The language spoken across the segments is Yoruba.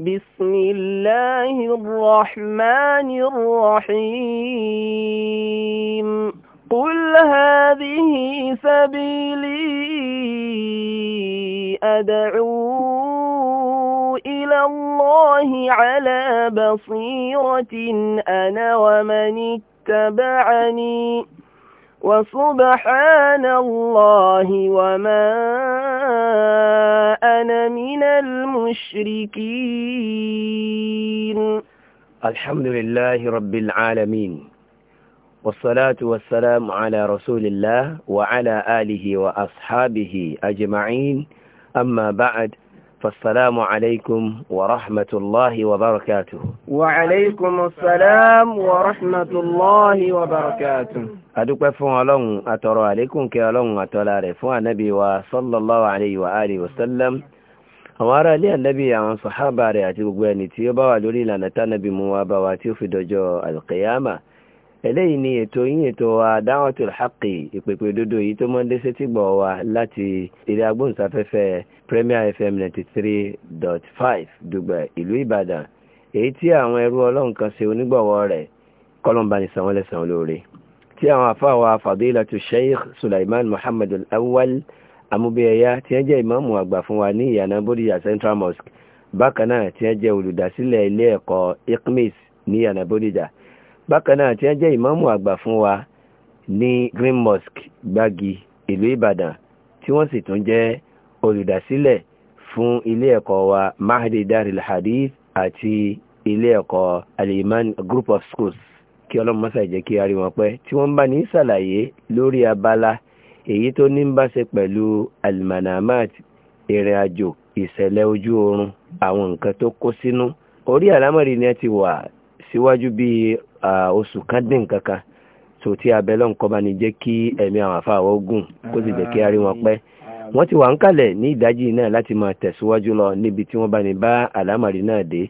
بسم الله الرحمن الرحيم قل هذه سبيلي أدعو إلى الله على بصيرة أنا ومن اتبعني وسبحان الله وما أنا من المشركين الحمد لله رب العالمين والصلاة والسلام على رسول الله وعلى آله وأصحابه أجمعين أما بعد فالسلام عليكم ورحمة الله وبركاته وعليكم السلام ورحمة الله وبركاته أدوك فون ألون أترى عليكم كي ألون أتولى رفوع نبي وصلى الله عليه وآله وسلم àwọn ará ilé ànábì àwọn sàhábà rẹ̀ àti gbogbo ẹni tí ó bá wà lórí ìlànà eléyìí ni ètò yín ètò wa dáwọ́tul haqqi ìpèpè òdodo yìí tó mọ́ndé sétí gbọ̀ wa láti ilé agbóhùnsáfẹ́fẹ́ Premier FM ninety three dot five Dùgbẹ̀ ìlú Ìbàdàn èyí tí àwọn ẹrú ọlọ́run kan ṣe onígbọ̀wọ́ rẹ̀ kọ́lọ́mbani sanwó lẹ́sàn olóore tí àwọn afáwa fadilatu Sheikh Sulaiman Muhammad Al-Awwal amúbíyẹyà tí wọ́n jẹ́ ìmáàmù àgbà fún wa ní ìyànà Bódìjà Central Mosque bákan náà tí wọ́n jẹ́ olùdásílẹ̀ ilé ẹ̀kọ́ ICMIS ní ìyànà Bódìjà bákan náà tí wọ́n jẹ́ ìmáàmù àgbà fún wa ní Green Mosque Gbági ìlú Ìbàdàn tí wọ́n sì tún jẹ́ olùdásílẹ̀ fún ilé ẹ̀kọ́ wa Mahdi Daril Hadith àti ilé ẹ̀kọ́ al Group of Schools kí ọlọ́mọsà jẹ́ kí a rí wọn pẹ́ tí wọ́n bá ní ṣàlàyé lórí abala èyí tó ní bá ṣe pẹ̀lú almanamat ìrìn àjò ìṣẹ̀lẹ̀ ojú oorun àwọn nǹkan tó kó sínú orí àlámọ̀rí ni ẹ ti wà síwájú bí oṣù kan dín nǹkan kan tó tí abẹ́lọ́ nǹkan bá ní jẹ́ kí ẹ̀mí àwọn àfàwọ́ gùn kó sì jẹ́ kí a rí wọn pẹ́ wọ́n ti wà ń kalẹ̀ ní ìdájí náà láti máa tẹ̀síwájú lọ níbi tí wọ́n bá ní bá àlámàrí náà dé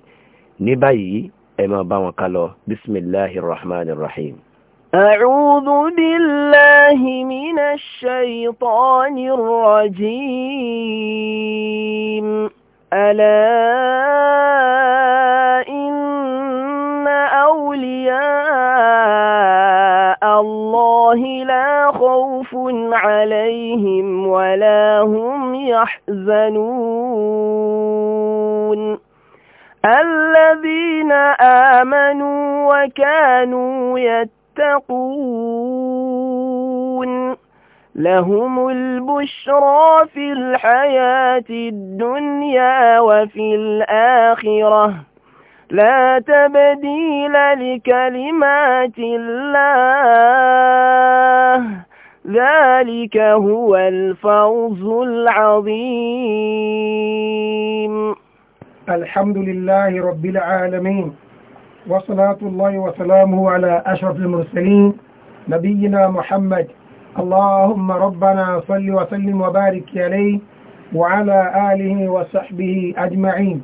ní báyìí ẹ máa bá wọn ká bisimilahi rahman rahim. أعوذ بالله من الشيطان الرجيم ألا الله لا خوف عليهم ولا هم يحزنون الذين آمنوا وكانوا يتقون لهم البشرى في الحياة الدنيا وفي الآخرة لا تبديل لكلمات الله ذلك هو الفوز العظيم الحمد لله رب العالمين وصلاة الله وسلامه على أشرف المرسلين نبينا محمد اللهم ربنا صل وسلم وبارك عليه وعلى آله وصحبه أجمعين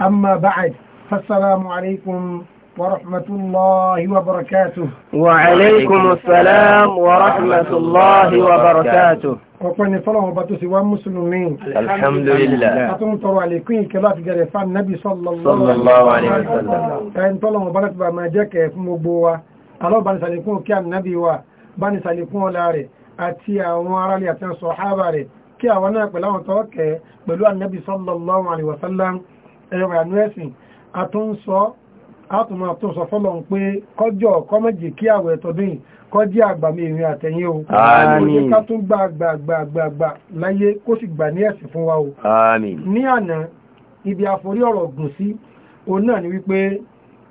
أما بعد فالسلام عليكم ورحمة الله وبركاته وعليكم السلام ورحمة الله وبركاته وقلنا فلان وباتو سوى مسلمين الحمد لله أتون تروا عليكم كلاف جريفان نبي صلى الله, صلى الله عليه وسلم فإن فلان وبرك بما جاك مبوا الله بني سالكون كام نبي وا بني سالكون لاري أتيا ومارالي أتيا صحابة ري كي أولا بلاو توكي بلو النبي صلى الله عليه وسلم أيوة نوسي àtúnsọ àtùmọ̀ àtúnsọ fọ́lọ̀ ń pé kọjọ́ kọmọ̀jì kí àwẹ̀ tọdún kọjí àgbàmí ìrìn àtẹ̀yìn o àmín ká tún gba àgbàgbàgbà láyé kó sì gbà ní ẹ̀sìn fún wa o ní àná ibi àforí ọ̀rọ̀ gùn sí o náà ni wípé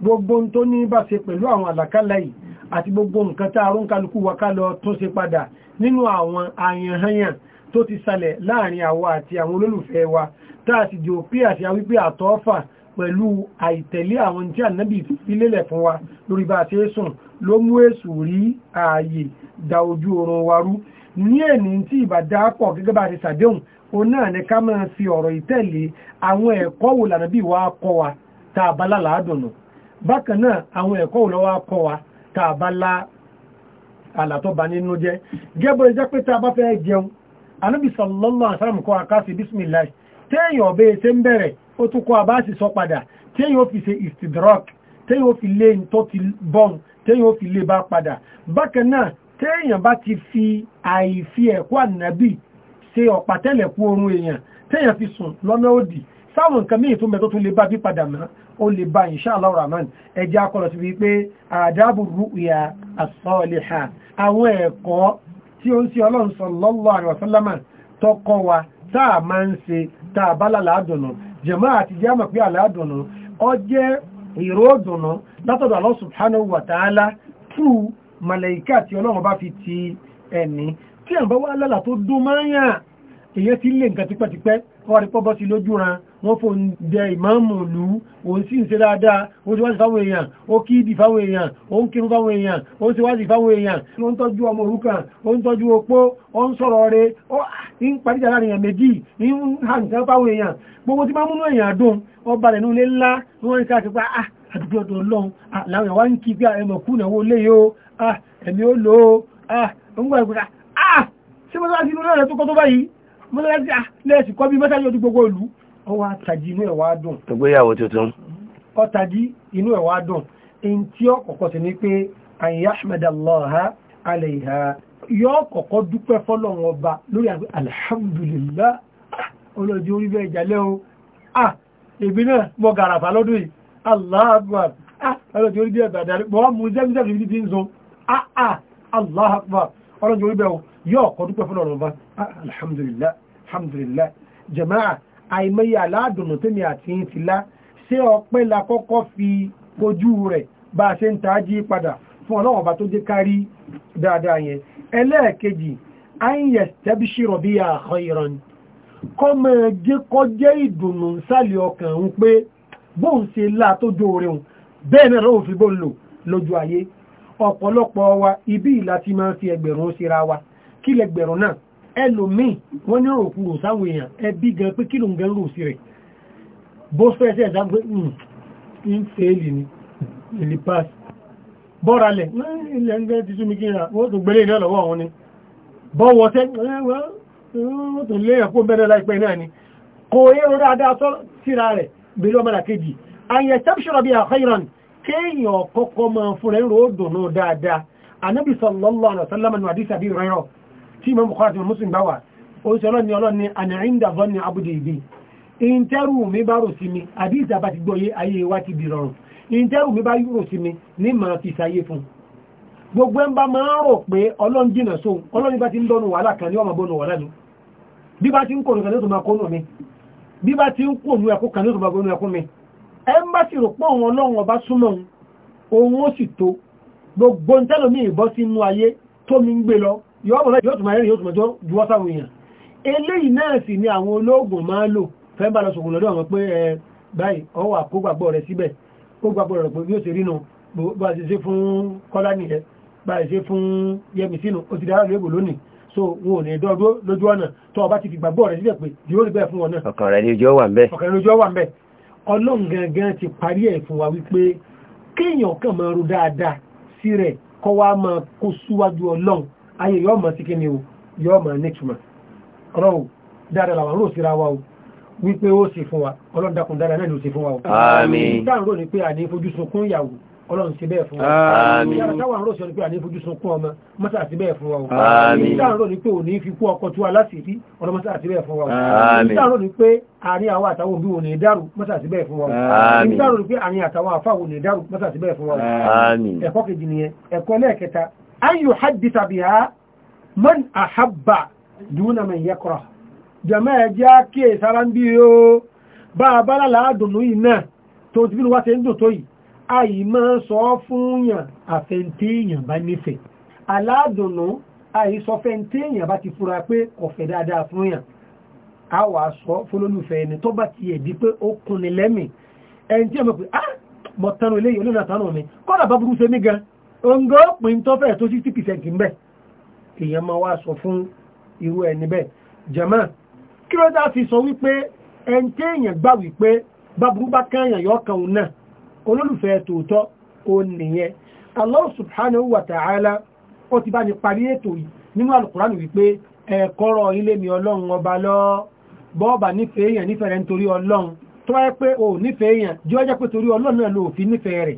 gbogbo tó ní bá ṣe pẹ̀lú àwọn àlàkálà yìí àti gbogbo nǹkan tá arún kálukú wa ká lọ tún ṣe padà nínú àwọn àyànhányàn tó ti salẹ̀ láàrin àwa àti àwọn olólùfẹ́ wa tá a sì jò pí àṣà wípé àtọ́fà pẹ̀lú àìtẹ̀lé àwọn tí ànábì filélẹ̀ fún wa lórí bá ṣe sùn ló mú èsù rí ààyè da ojú oorun waru ní ẹ̀ní tí ìbàdá pọ̀ gẹ́gẹ́ bá ti sàdéhùn o náà ní ká máa fi ọ̀rọ̀ ìtẹ̀lé àwọn ẹ̀kọ́ wò lànàbí wa kọ́ wa tá a bákan náà àwọn ẹ̀kọ́ wò lọ́wọ́ kọ́ wa tá a bá nínú jẹ́ gẹ́bọ̀ ìjẹ́ pé tá fẹ́ jẹun ànábì sallallahu alaihi kọ́ akásí bísmìláì ọ̀bẹ́ ń bẹ̀rẹ̀ ó tún kọ́ àbáàsì sọ padà téyàn ó fi ṣe istidrak téyàn ó fi lé tó ti bọ́n téyàn ó fi lé bá padà bákan náà téyàn bá ti fi àìfi ẹ̀kọ́ ànábì ṣe ọ̀pátẹ́lẹ̀ kú oorun èèyàn téyàn fi sùn lọ́nà òdì sáwọn nǹkan míì tó mẹ́tọ́ tó lè bá bí padà mọ́ ó lè bá inshallah rahman ẹjẹ́ akọ́lọ̀ sí wípé àdábù rúùyà as àwọn ẹ̀kọ́ tí ó ń sí ọlọ́run sallallahu alaihi wasallama tọ́kọ́ wa táà máa ń ṣe táà bá lálàá dùnú jẹ̀mọ́ àti jámọ̀ pé àládùnú ọ jẹ́ ìró dùnú látọ̀dọ̀ Allah subhanahu wa ta'ala tú màlàíkà tí ọlọ́run bá fi ti ẹni tí àbáwá lálà tó dún máyà èyẹ ti lé nǹkan tipẹ́tipẹ́ kọ́ rí pọ́bọ́ sí lójú wọ́n fò ń jẹ ìmáàmù ìlú òun sì ń ṣe dáadáa ó ti wá sí fáwọn èèyàn ó kí ìdì fáwọn èèyàn ó ń kírun fáwọn èèyàn ó ti wá sí fáwọn èèyàn ó ń tọ́jú ọmọ òrukàn ó ń tọ́jú opó ó ń sọ̀rọ̀ rẹ̀ ó ń paríjà láàrin èèyàn méjì ń hàn fáwọn èèyàn gbogbo tí máa èèyàn dùn ọba rẹ̀ nílé ńlá wọ́n ń káàkiri ah àdúgbò ọ̀dọ̀ ọlọ́run ah, làwọn èèyàn wá ń kí bí ah, ẹmọ̀ ah ẹ̀mí ah ń gbọ́ ah ṣé mọ́tàlá sí inú náà rẹ̀ tó kọ́ tó báyìí mọ́tàlá sí ah lẹ́ẹ̀sì ó wá tají inú ẹ̀ wá dùn. ìgbéyàwó tuntun. ó tají inú ẹ̀ wá dùn èyí tí ó kọ́kọ́ sí ni pé àyè ahmed allah alayha yóò kọ́kọ́ dúpẹ́ fọ́lọ́run ọba lórí àgbẹ̀ alhamdulillah olóòjì orí bẹ́ẹ̀ jalẹ́ o ah èmi náà mo gàràfà lọ́dún yìí allah akbar ah olóòjì orí bẹ́ẹ̀ bàdárí mo wá mú zẹ́mìzẹ́mì ibi tí ń so ah, ah, ah, jama'a àìmọye àládùnnù tèmi àti yín ti lá ṣé ọpẹ́ la kọ́kọ́ fi kojú rẹ̀ bá a ṣe ń tají padà fún ọlọ́run ọba tó jẹ́ kárí dáadáa yẹn ẹlẹ́ẹ̀kejì ayẹyẹ tẹ́bíṣì rọ̀bí àkọ́ ìrọ̀n kọ́ mọ̀ jẹ́ kọjẹ́ ìdùnnú sálẹ̀ ọkàn pé bóun ṣe lá tó jó orin bẹ́ẹ̀ náà lóun fi bóun wa ibi ìlà ti ẹlòmíì wọ́n ní ọ̀rọ̀ kúrò sáwọn èèyàn ẹbí gan pé kí ló ń gan rò sí rẹ̀ bó fẹ́ sí ẹ̀dá pé ń hmm, fèèlì ni èlì pass bọ́ralẹ̀ ilẹ̀ ń gẹ́ ti súnmi kí ra wọ́n tó gbélé iná lọ́wọ́ àwọn ni bọ́wọ́ tẹ́ eh, wọ́n tó lé ẹ̀kọ́ bẹ́rẹ̀ láìpẹ́ náà ni kò èrò dáadáa sọ síra rẹ̀ bèlú ọmọdà kejì ayẹ tẹ́bṣọ́rọ̀ bí àkọ́ìran kéèyàn kọ́kọ́ máa fún rẹ̀ ń ròó dùnú dáadáa anábì sallallahu alaihi wasallam nù àdísàbí rẹ̀ rọ̀ tí Imam Bukhari àti Muslim bá wà oṣù ọlọ́ni ọlọ́ni àníríńdà bọ́ni abúdé ìbí ìntẹ́rù mi bá rò sí mi àdíìsì àbá ti gbọ́yé ayé wa ti di rọrùn ìntẹ́rù mi bá rò sí mi ní màá fi ṣayé fún gbogbo ẹ̀ ń bá máa rò pé ọlọ́run jìnà sóhun ọlọ́run bá ti ń dọ́nu wàhálà kan ní ọmọ bọ́nu wàhálà ni bí bá ti ń kòrò kan tó mi ń gbé lọ yóò mọ̀ yóò túnmọ̀ ẹ̀rìn yóò túnmọ̀ jọ juwọ́ sáwọn èèyàn eléyìí náà sì ni àwọn olóògùn máa lò fẹ́ bá lọ sògùn lọ́dọ̀ àwọn pé ẹ báyìí ọwà kó gbàgbọ́ rẹ̀ síbẹ̀ kó gbàgbọ́ rẹ̀ pé bí ó so wọn ò ní dọ́dọ́ lójú ọ̀nà tó ọba ti fi gbàgbọ́ rẹ̀ síbẹ̀ pé di ó rí bẹ́ẹ̀ fún wọn náà ọkàn rẹ̀ lójú wà ń bẹ́ẹ̀ ọkàn ti parí ẹ̀ fún wa wípé kéèyàn kàn máa ro dáadáa sí rẹ̀ kọ́ wa máa kó síwájú ọlọ́run ayé yọ́ mọ̀ sí iwu o yọ́ mọ̀ nítumọ̀ ọlọ́run dáadáa làwọn rò síra wa o wípé ó sì fún wa ọlọ́run dákun náà ló sì fún wa o. táwọn ní pé àní fojú sunkún ìyàwó ọlọ́run sí bẹ́ẹ̀ fún wa. táwọn ní ọmọ sí bẹ́ẹ̀ fún o. táwọn ní pé fi kú tí wa láti rí sí bẹ́ẹ̀ fún wa o. táwọn ní pé àárín àwọn àtàwọn òbí òní sí bẹ́ẹ̀ fún wa o. táwọn ní pé àárín àtàwọn àfáwọn òní sí bẹ́ẹ̀ fún wa o. ẹ̀kọ́ kejì an yuhaddisa biha man ahabba duna man yakra jama'a ja ke saran biyo ba bala la dunu ina to ti bi wa se ndo to yi ayi ma sọ fún yan afenti yan ba nife aladunu ayi sọ fenti yan ba ti fura pé kò fẹ́ dáadáa a wa sọ fololufe ni tó bá ti e di pé ó kun en ti mọ̀ pé ah mo tanu eleyi olona tanu mi ko da baburu se mi gan ọ̀ngọ́ pín tó fẹ́ tó 60% ń bẹ̀ èèyàn máa wá sọ fún irú ẹni bẹ́ẹ̀ jàmá kí ló dá fi sọ wípé ẹn tí èèyàn gbà wípé báburú bá kẹ́yàn yọ kan náà olólùfẹ́ tòótọ́ ó nìyẹn Allah subhanahu wa ta'ala ó ti bá ní parí ètò yìí nínú alukùránì wípé ẹ̀kọ́rọ̀ ilé mi ọlọ́run ọba lọ bọ́ọ̀bà nífẹ̀ẹ́ èèyàn nífẹ̀ẹ́ rẹ̀ nítorí ọlọ́run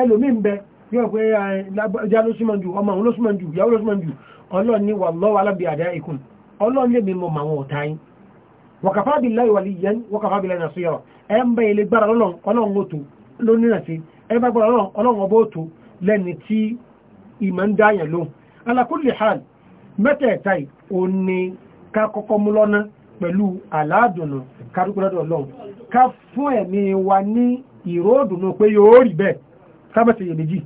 ẹlòmí ń bẹ yóò pé ẹja ah, ló súnmọ́ jù ọmọ òun ló súnmọ́ jù ìyàwó ló súnmọ́ jù ọlọ́run ní ala bi adaikum ọlọ́run lè mímọ àwọn ọ̀tá yín wakafa yẹn waliyan wakafa billahi nasira ẹ ń bẹ ilé gbára ọlọ́run ọlọ́run pẹ̀lú ọlọ́run ká fún ẹ̀mí wa ní ìròdùnú pé yóò rí bẹ́ẹ̀ kábàtì yèméjì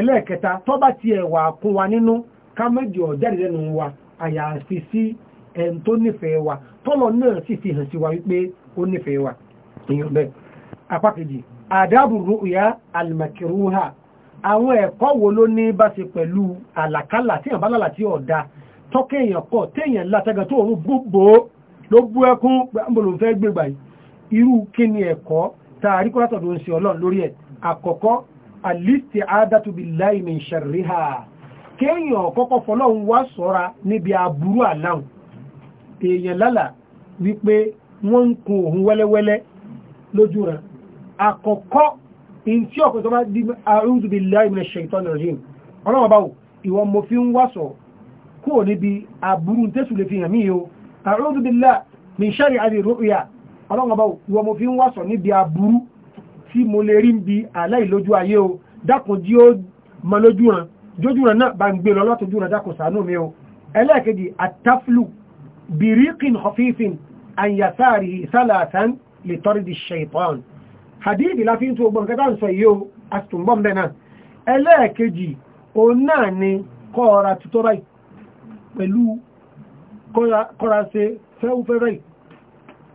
ẹlẹ́ẹ̀kẹta tó bá ti ẹ̀wà kún wa nínú kámẹ́jì ọ̀jáde lẹ́nu wa àyàfi sí ẹn tó nífẹ̀ẹ́ wa tọ́lọ náà sì fi hàn sí wa wípé ó nífẹ̀ẹ́ wa èèyàn bẹ́ẹ̀ apá kejì àdábù ru'ya al-makruha àwọn ẹ̀kọ́ wo ló ní bá ṣe pẹ̀lú àlàkálà tí èèyàn bá lálà tí ọ̀dà tọ́kẹ́ èèyàn kọ̀ téèyàn látẹ́gà tó òun gbogbo ló bú ẹkún gbàmbòlò al-isti'adatu billahi min sharriha kéèyàn kọ́kọ́ fọlọ́run wá sọ́ra níbi aburú àláhùn èèyàn lálà wípé wọ́n ń kun òun wẹ́lẹ́wẹ́lẹ́ lójú rẹ̀ àkọ́kọ́ in tí ọ̀pọ̀ tó bá di a'udhu billahi minash shaitani rajim ọlọ́wọ́ báwò ìwọ̀n mo fi ń wá sọ kúrò níbi aburú tẹ́sù lè fi hàn mí o a'udhu billahi min sharri àdìrúkìyà ọlọ́wọ́ báwò ìwọ̀n mo fi ń tí mo lè rí bí aláìlójú ayé o dákun jí ó mọ lójú ràn jójú ràn náà bá ń gbé lọ lọ́tọ̀jú ràn dákun ṣàánú mi o ẹlẹ́ẹ̀kejì àtàflù bìríkìn hafifin àyàsáàrí sálàtàn lè tọ́rìdì ṣẹ̀tọ́n hadithi láfi ń tó gbọ́n kẹta ń sọ yìí o àtùnbọ́n bẹ́ẹ̀ náà ẹlẹ́ẹ̀kejì òun náà ni kọ́ọ̀ra tutọ́ báyìí pẹ̀lú kọ́ra ṣe fẹ́úfẹ́ báyìí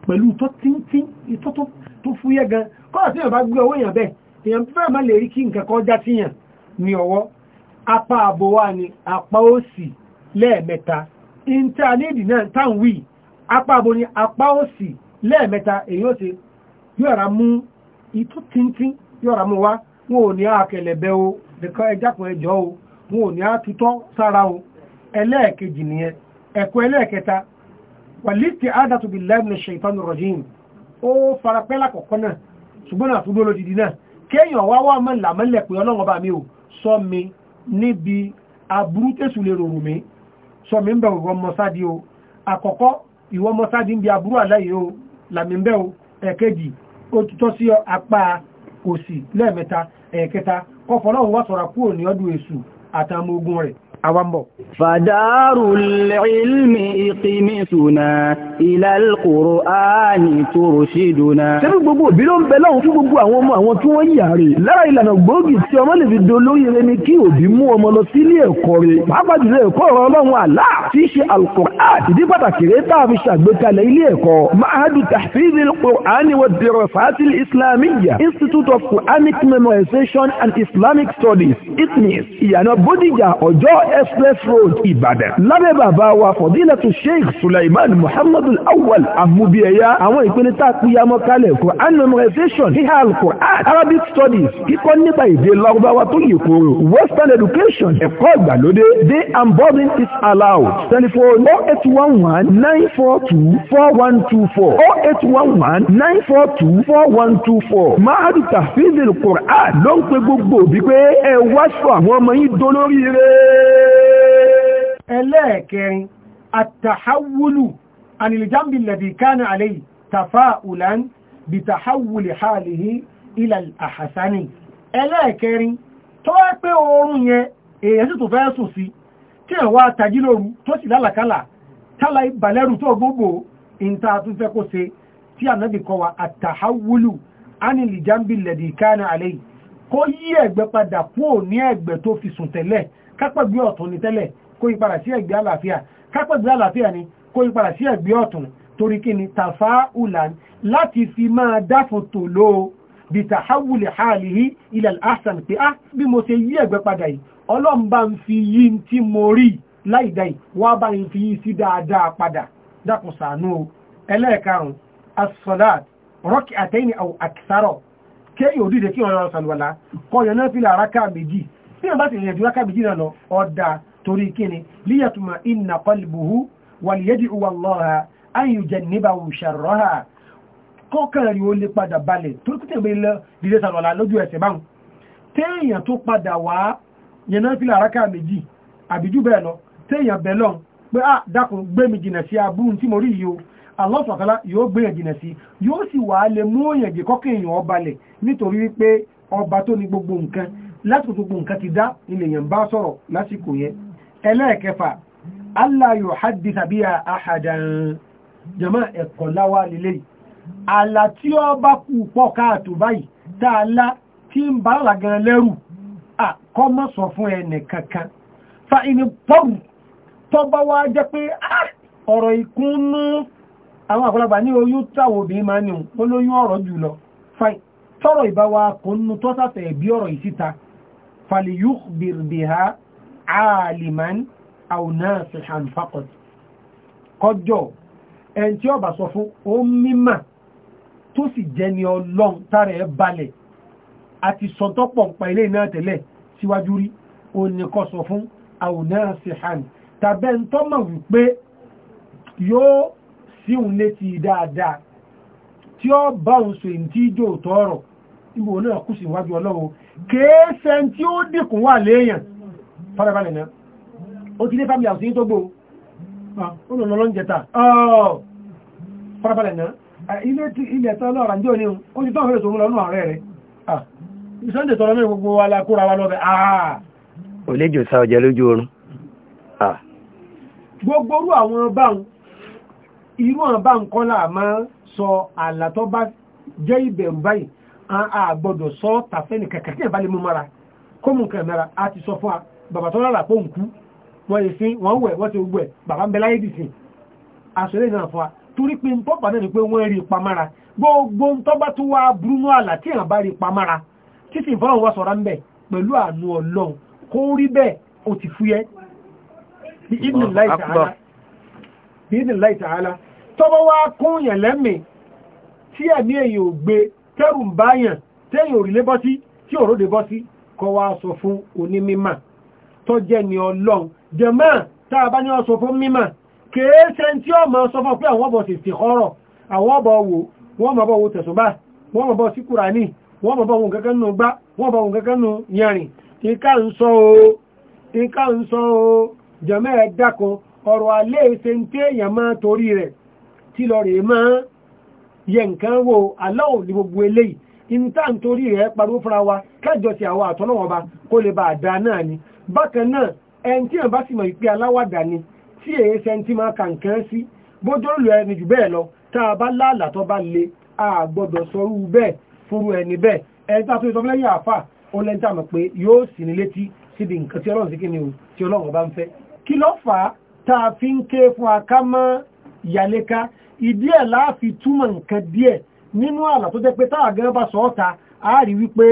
pẹ̀lú tó tíntín ìtọ́tọ́ tó fúyẹ́ gan kọ́lá tí yàn gbé owó bẹ́ẹ̀ èèyàn lè rí kí nǹkan kan já sí yàn ní ọwọ́ apá àbò wa ni apá òsì lẹ́ẹ̀mẹ́ta intanẹ́ẹ̀dì náà táwì apá àbò ni apá òsì èèyàn ṣe yóò ra mú itú tíntín yóò ra mú wá wọn ò ní o nìkan ẹjọ́ o wọn ò ní àtútọ́ sára o ẹlẹ́ẹ̀kejì nìyẹn ẹ̀kọ́ ó farapẹ́ lákọ̀ọ́kọ́ náà ṣùgbọ́n náà fúdó lódìdí náà kéèyàn wá wá mọ́ làmọ́lẹ̀ pé ọlọ́run ọba mi ò sọ mi níbi aburú tẹ̀sù lè rorò mi sọ mi ń bẹ̀ ìwọ mọ́sádi o àkọ́kọ́ ìwọ mọ́sádi ń bi aburú àláyé o làmì ń bẹ̀ o ẹ̀kejì ó tutọ́ sí apá òsì lẹ́ẹ̀mẹ́ta ẹ̀kẹta kọfọlọ́run wá sọ̀rọ̀ kúrò ní ọdún èṣù àtàmógún rẹ̀ àwambọ̀. Fadarul ilmi iqimisuna ila al-Qur'ani turshiduna. Ṣébí gbogbo òbí ló ń bẹ lọ́wọ́ fún gbogbo àwọn ọmọ àwọn tí wọ́n yà rè. Lára ìlànà gbòógì tí ọmọ lè fi dolóyè rẹ ni kí òbí mú ọmọ lọ sí ilé ẹ̀kọ́ rẹ̀. Pàápàá jùlọ ẹ̀kọ́ ọ̀rọ̀ Ọlọ́run àlá tí í ṣe al-Qur'an. Ìdí pàtàkì rẹ̀ tá a fi ṣàgbékalẹ̀ ilé ẹ̀kọ́. Ma'hadu Tahfidhil Qur'ani wa Dirasatil Islamiyya. Institute of Quranic Memorization and Islamic Studies. ITMIS. Ìyànà Bódìjà ọjọ́ express road ìbàdàn lábẹ́ bàbá wa fọ̀dílẹ̀tù sheikh Sulaiman muhammadu awal amubiyaya àwọn ìpele tá a kúyàmọ́ kalẹ̀ quran memorization hihal quran arabic studies kíkọ́ nípa èdè lọ́gbàwá tó yè kóró western education ẹ̀kọ́ ìgbàlódé day and boarding is allowed telephone oh eight one one nine four two four one two four oh eight one one nine four two four one two four mahadu tahfidil quran ló ń pe gbogbo òbí pé ẹ wá sọ àwọn ọmọ yín dolóríire ẹlẹ́ẹ̀kẹrin àtàháwùlù anìlìjámbì lẹ̀dì kánà àlẹ́ tafáùlán bí tàháwùlì hàlìhí ilẹ̀ àhàsánì ẹlẹ́ẹ̀kẹrin tó wá pé oorun yẹn èyàn sì tó fẹ́ sùn sí tí ẹ̀ wá tají lóru tó sì lálàkálà tálà ìbàlẹ́rù tó gbogbo ìta tún fẹ́ kó ṣe tí ànábì kọ́ wa àtàháwùlù anìlìjámbì lẹ̀dì kánà kó yí ẹ̀gbẹ́ padà kúò ní ẹ̀gbẹ́ tó fi sùn tẹ́lẹ̀ kápẹ́gbé ọ̀tún ni tẹ́lẹ̀ kó ìpadà sí ẹ̀gbẹ́ àlàáfíà kápẹ́gbé àlàáfíà ni kó ìpadà sí ẹ̀gbẹ́ ọ̀tún torí kí ni tàfá ulan láti fi máa dáfò tò ló bí tàháwùlẹ̀ hàlìhí ilẹ̀ àṣàn pé á ah, bí mo ṣe yí ẹ̀gbẹ́ padà yìí ọlọ́run bá ń fi yí tí mo rí láìdá yìí wá bá ń fi yí sí tí wọ́n bá ti rìnrìn àjò wákàbí jìnnà lọ ọ̀dà torí kíni líyàtúmọ̀ inna qalbuhu wàlìyẹ́dì uwàlọ́ha ayù jẹ níbà òṣàrọ́ha kọ́kàn rí ó lè padà balẹ̀ tó kí tẹ̀mí lọ dìde sàrọ̀lá lójú ẹsẹ̀ báhùn téèyàn tó padà wá yẹnà fílà àrákà méjì àbíjú bẹ́ẹ̀ lọ téèyàn bẹ̀ lọ́n pé ah, á ọba tó ní gbogbo nǹkan lásìkò gbogbo nǹkan ti dá ilẹ̀ yẹn bá sọ̀rọ̀ lásìkò yẹn ẹlẹ́ẹ̀kẹfà allah yóò hajji tàbí àhàdàn jama ẹ̀kọ́ láwá lílé àlà tí ó bá kú pọ̀ káàtò báyìí tààlá tí ń bá lágan lẹ́rù àkọ́mọ́ sọ fún ẹnì kankan fa ìní pọ́rù tó bá wá jẹ́ pé ọ̀rọ̀ ìkúnnú àwọn àgbàlagbà ní oyún táwọn obìnrin máa ní olóyún ọ̀rọ̀ jùlọ tọ́rọ̀ ìbáwá kò nínú tọ́sàfẹ́ ẹ̀bí ọ̀rọ̀ ìsíta فليخبر بها عالما أو ناصحا فقط قد جو ẹn tí ó bá sọ fún ó mímọ̀ tó sì jẹ́ ni ọlọ́n tààrẹ ẹ balẹ̀ àti sọ̀tọ́pọ̀ ń pa ilé náà tẹ́lẹ̀ síwájú rí o ní kọ́ sọ fún àwòrán sihan tàbẹ́ ń tọ́mọ̀ wípé yóò síhun létí dáadáa tí ó bá òun sọ èyí tí ìjò tọ́rọ̀ ibo náà kú sí iwájú ọlọ́run kéèsẹ̀ tí ó dìkùn wà léèyàn farabalẹ̀ náà ó ti lé family house yí tó gbó ah, ó lọ lọ́njẹta oh. farabalẹ̀ náà ah, ilẹ̀ tán lọ́ra ní òní ó ti tán fẹ́rẹ̀ tó mú lọ́nà ààrẹ rẹ̀ ìsọ́ndẹ̀ ah, tọrọ mẹ́rin gbogbo wa la kóra wa lọ́bẹ̀ ò léjò sá ọjà lójú oorun gbogbo orú àwọn jẹ́ ìbẹ̀rù báyìí àgbọ̀dọ̀ sọ tàfẹ́nì kẹ̀kẹ́ tí ìbálẹ̀ mú mara kó mú nǹkan mẹ́ra a ti sọ fún wa bàbá tó rárá pò ń kú wọ́n yìí sín wọ́n wẹ̀ wọ́n ti gbẹ̀ bàbá ń bẹ láyé dì sín àṣọlẹ̀ fún wa torí pé ń tọ́pà náà ni pé wọ́n rí pamara gbogbo ń tọ́ba tó wá burúkú àlà tí ìhàn bá rí pamara títí ìfọlọ́run wá sọ̀rọ̀ ń bẹ̀ pẹ̀lú àánú ọlọ́run kó rí bẹ́ẹ̀ ó ti fúyẹ́ bí ìdìláì tààlà tọ́bọ̀ wá kún yẹ̀lẹ́mì tí ẹ̀mí èyàn ò gbé tẹ́rù ń báyàn tẹ́yìn òrìlé bọ́ sí tí òróde bọ́ sí kọ́ wá sọ fún onímímà tó jẹ́ ni ọlọ́run jẹ̀mọ́ tá a bá ní ọsọ fún mímà kèéṣẹ́ tí ó mọ̀ sọ fún pé àwọn ọbọ̀ sì ti ọrọ̀ àwọn ọbọ̀ wò wọ́n mọ̀ bọ̀ wo tẹ̀sùnbá wọ́n mọ̀ bọ̀ sí kùránì wọ́n mọ̀ bọ̀ wọn kankan nù gbá wọ́n bọ̀ wọn kankan nù yẹrin ìka ń sọ o ìka ń sọ o jẹ̀mọ́ ẹ̀ dákun ọ̀rọ̀ alẹ́ ìṣe ń téèyàn máa torí rẹ̀ tí lọ rèé máa yẹ nǹkan wo aláwọ̀ ní gbogbo eléyìí ìntà ń torí rẹ̀ pariwo fúnra wa kájọ ti àwọn àtọ́nàwọ̀ba kó lè bá àdá náà ni bákan náà ẹni tí yẹn bá sì mọ̀ ìpé aláwàdà ni tí èyí sẹ́ńtì máa kà nǹkan sí bójú lù ẹni jù bẹ́ẹ̀ lọ tá a bá láàlà tó bá le a gbọ́dọ̀ sọrú bẹ́ẹ̀ fúru ẹni bẹ́ẹ̀ ẹni tá a tó yẹ sọfúnlẹ́yìn àfà ó lẹ́ni tá a mọ̀ pé yóò sì ní létí síbi nǹkan tí ọlọ́run sí kí ni o tí ọlọ́run bá ń fẹ́ kí ló fà á tá a fi ń ké fún aká mọ́ ìdí ẹ̀ láàfi túmọ̀ nǹkan díẹ̀ nínú àlà tó jẹ́ pé táà gẹ́gẹ́ bá sọ ọ́ta a rí wípé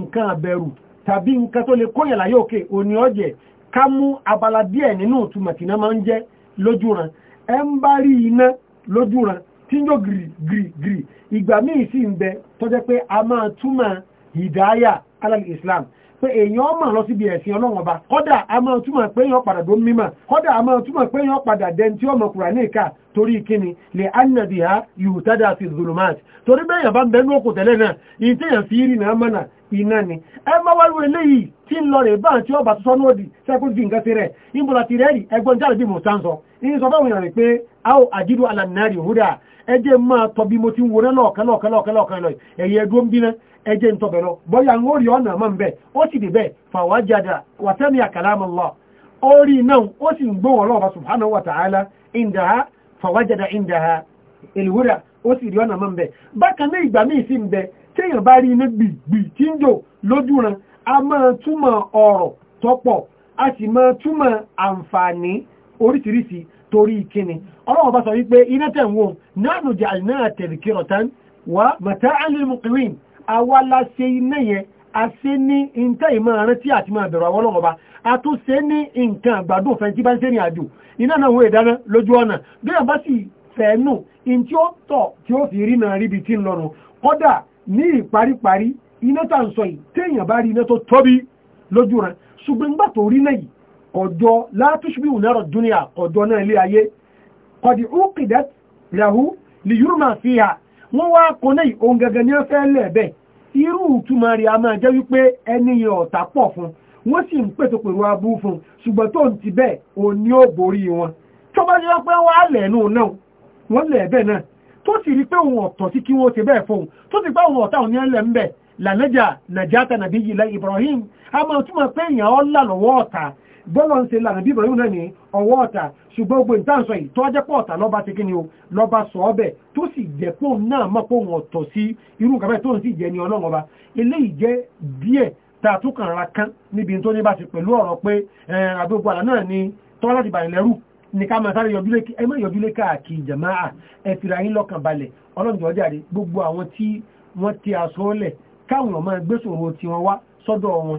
nǹkan àbẹ̀rù tàbí nǹkan tó lè kóyàn láyé òkè òní ọ̀jẹ̀ ká mú abala díẹ̀ nínú ìtumọ̀ tí náà máa ń jẹ́ lójú ran ẹ ń bá rí iná lójú ran tí ń jó gìrì gìrì gìrì ìgbà Islam pé èèyàn ọmọ lọ síbi ẹ̀sìn ọlọ́run ọba kọ́dà a máa túmọ̀ pé èèyàn padà dó mímọ̀ kọ́dà a máa túmọ̀ pé èèyàn padà dẹni tí ọmọ kùrà ní ìka torí kíni lè ánàbì ha yòó tádà fi zulumat torí bẹ́ẹ̀yàn bá ń bẹ́ẹ̀ lóko tẹ́lẹ̀ náà èyí tẹ́yàn fi rí na mọ́nà iná ni ẹ má wá lu eléyìí tí ń lọ rè bá àti ọba tuntun fi nǹkan ti rẹ̀ ẹgbọ́n a ò alànàárì ẹ jẹ́ máa ẹjẹ́ ń tọ́bẹ̀ lọ bọ́yá ń orí ọ̀nà mọ́ bẹ́ẹ̀ ó sì dì bẹ́ẹ̀ fàwájádà wàtẹ́mi kalamullah orí náà ó sì ń gbóhùn ọlọ́ọ̀bá subhanahu wa ta'ala indaha fàwájádà indaha ìlúwúrà ó sì rí ọ̀nà mọ́ bẹ́ẹ̀ bákan náà ìgbà míì sí ń bẹ téèyàn bá rí iná gbìgbì tí ń jò lójú ran a máa túmọ̀ ọ̀rọ̀ tọ́pọ̀ torí ìkíni ọlọ́wọ́ bá sọ wípé iná tẹ̀ ń náà nù jẹ́ àìná àtẹ̀lẹ̀kẹ́rọ̀tán wà mọ̀tá àlè àwa la ṣe iná yẹn a ṣe ní nǹkan ìmọ̀ rántí àti máa bẹ̀rù àwọn ọlọ́wọ́ bá a tó ṣe ní nǹkan àgbàdùn fẹ́ tí bá ń ṣe ní àjò iná náà wọ́n ìdáná lójú ọ̀nà bí wọ́n bá sì fẹ́ nù in tí ó tọ̀ tí ó fi rí náà ríbi tí ń lọ́nu kódà ní ìparíparí iná tà ń sọ yìí téèyàn bá rí iná tó tóbi lójú rẹ̀ ṣùgbọ́n nígbà tó rí náà yìí ọjọ́ látúṣubí ìwúnárọ̀ náà wọ́n wá kó ní ó fẹ́ lẹ́ẹ̀bẹ̀ irú ìtumọ̀ rẹ̀ a máa jẹ́ wípé ẹni ọ̀tá pọ̀ fún wọ́n sì ń pètò pèrò abú fún ṣùgbọ́n tó ń ti bẹ́ẹ̀ òun ni ó borí wọn tó bá jẹ́ pé wọ́n á lẹ̀ẹ́nu náà wọ́n lẹ̀ẹ́bẹ̀ náà tó sì rí pé òun ọ̀tọ̀ sí kí wọ́n ti bẹ́ẹ̀ fún tó sì pé òun ọ̀tá òun ní ẹlẹ́ ń lànàjà bọ́lọ̀ ń ṣe lànà bí Ibrahim náà ní ọwọ́ ọ̀tà ṣùgbọ́n gbogbo ìtànsọ yìí tó jẹ́ pọ̀ ọ̀tà lọ́ba ti kíni o lọ́ba sọ ọbẹ̀ tó sì jẹ́ pò náà mọ̀ pò wọ́n tọ̀ sí irú nǹkan bẹ́ẹ̀ tó ń sì jẹ́ ní ọlọ́run ọba eléyìí jẹ́ díẹ̀ tá a tún kàn ra kán níbi tó ní bá ti pẹ̀lú ọ̀rọ̀ pé àgbègbè àlà náà ni tọ́ láti bàrẹ̀ lẹ́rù ní ká máa sáré yọjúlé ẹ má yọjúlé káàkiri jàmáà ẹ fira yín lọ́kàn balẹ̀ ti aṣọ lẹ̀ káwọn ọmọ ẹgbẹ́ sòro tiwọn wá sọ́dọ̀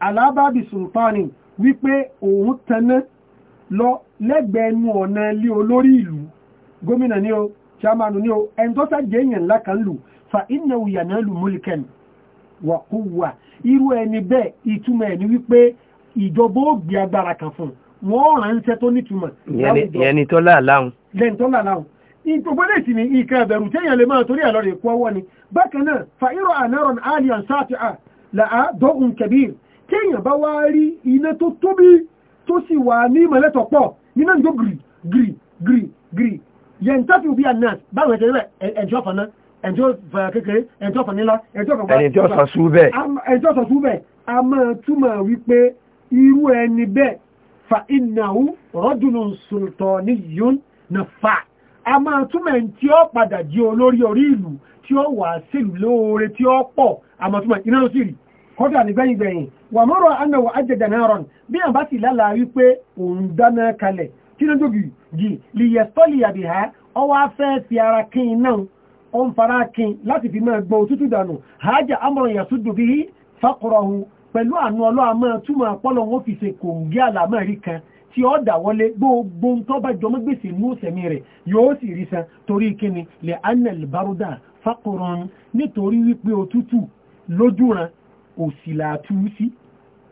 alábàbí sultani wípé òun tẹná lọ lẹ́gbẹ̀ẹ́ ẹnu ọ̀nà ilé olórí ìlú gómìnà ní o chamanu ní o ẹni tó sàjẹ́ èèyàn ńlá lù fa iná òyà náà lù múlikẹ́n wà kú wà irú ẹni bẹ́ẹ̀ ìtumọ̀ ẹni wípé ìjọba ó gbé agbára kan fún wọn ránṣẹ́ tó nítumọ̀ yẹni tó láàláhùn ni ìkà ẹ̀bẹ̀rù tẹ́yàn lè máa torí ẹ̀lọ́rẹ̀ kú fa irọ́ ànárọ̀ alien sáàtì à làá dọ́gùn téèyàn bá wá rí iná tó tóbi tó sì wà ní ìmọ̀lẹ̀ tó pọ̀ iná ń jó gìrì gìrì gìrì gìrì yẹn tó fi bí àná báwọn ẹ̀jẹ̀ rẹ̀ ẹ̀jọ́ fọ̀nà ẹ̀jọ́ fọ̀nà kékeré ẹ̀jọ́ fọ̀nà ẹ̀jọ́ fọ̀nà fa ìnáwó rọ́dùnún sùlùtọ̀ ní yún na fa a máa túmọ̀ ẹni tí ó padà di olórí orí ìlú tí ó kọ́dà ní gbẹ̀yìngbẹ̀yìn wà mọ́rọ̀ anáwọ̀ ajẹ́jà náà rọ̀n bí àbá sì lálàá wípé òun dáná kalẹ̀ tí ló dóbi jì lìyẹ̀sọ́lì àbíhá ọwọ́ afẹ́ fi ara kín náà ó ń fara kín láti fi máa gbọ́ òtútù dànù hajj amọ̀rọ̀ yasudu bí fakọrọ̀hu pẹ̀lú àánú ọlọ́wà máa túmọ̀ àpọ́lọ̀ wọn fi ṣe kòǹgí àlàmọ́rí kan tí ó dà wọlé gbogbo tó bá jọmọ́ gbèsè ní òsèmí rẹ̀ yóò sì rí san torí kíni lè anel baruda fakọrọ̀hun nítorí wípé òtútù lójúran òsì làtú sí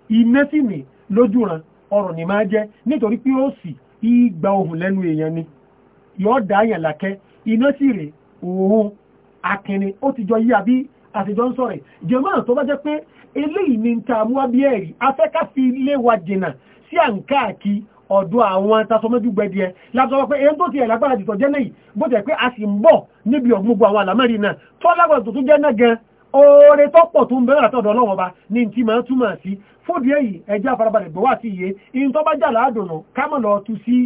iná sì ní lójú ran ọrùn ní máa jẹ́ nítorí pé òsì ìgbà ohùn lẹ́nu èèyàn ni yóò dá àyàn lákẹ́ iná sì rè òun akẹni ó ti jọ yí àbí àtijọ́ ń sọ̀rẹ̀ jẹ́mọ́ tó bá jẹ́ pé eléyìí ni ta mú abí ẹ̀rí afẹ́ká fi lé wa jìnà sí àǹkáàkì ọ̀dọ̀ àwọn tasọmọ́jú gbẹdìẹ lábọ́sọ́ pé èyí tó ti ẹ̀ lágbára jùtọ̀ jẹ́ náà bó jẹ́ pé a sì ń bọ̀ níbi ọ̀gbùngbò àwọn àlámẹ́rin náà tó tó jẹ́ náà gan-an oore tó pọ̀ tó ń bẹ̀rẹ̀ àtọ̀dọ̀ ọlọ́wọ́ bá ní ti máa túmọ̀ sí fódì èyí ẹjẹ́ àfarabalẹ̀ gbọ́wà sí iye in tó bá jà láàdùnú kámọ̀ lọ tú sí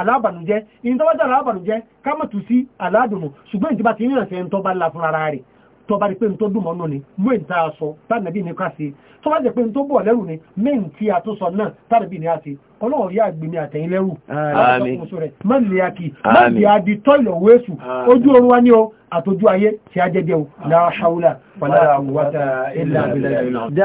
alábànújẹ́ in tó bá jà láàbànújẹ́ kámọ̀ tú sí aládùnú ṣùgbọ́n ìjọba ti ń rìn àṣẹ ń tọ́ bá la fúnra rẹ̀ tó bá rí pé n tó dùn mọ́nú ni mú ìta aṣọ tánàbí ní ká sí tó bá jẹ́ pé n tó bọ̀ lẹ́rù ni mẹ́rin tí a tó sọ náà tánàbí ní a sí ọlọ́run yá gbìmí àtẹ̀yìn lẹ́rù ojú orun wa ní o àtòjú ayé tí a jẹ́jẹ́ o la hawla wala quwwata illa billah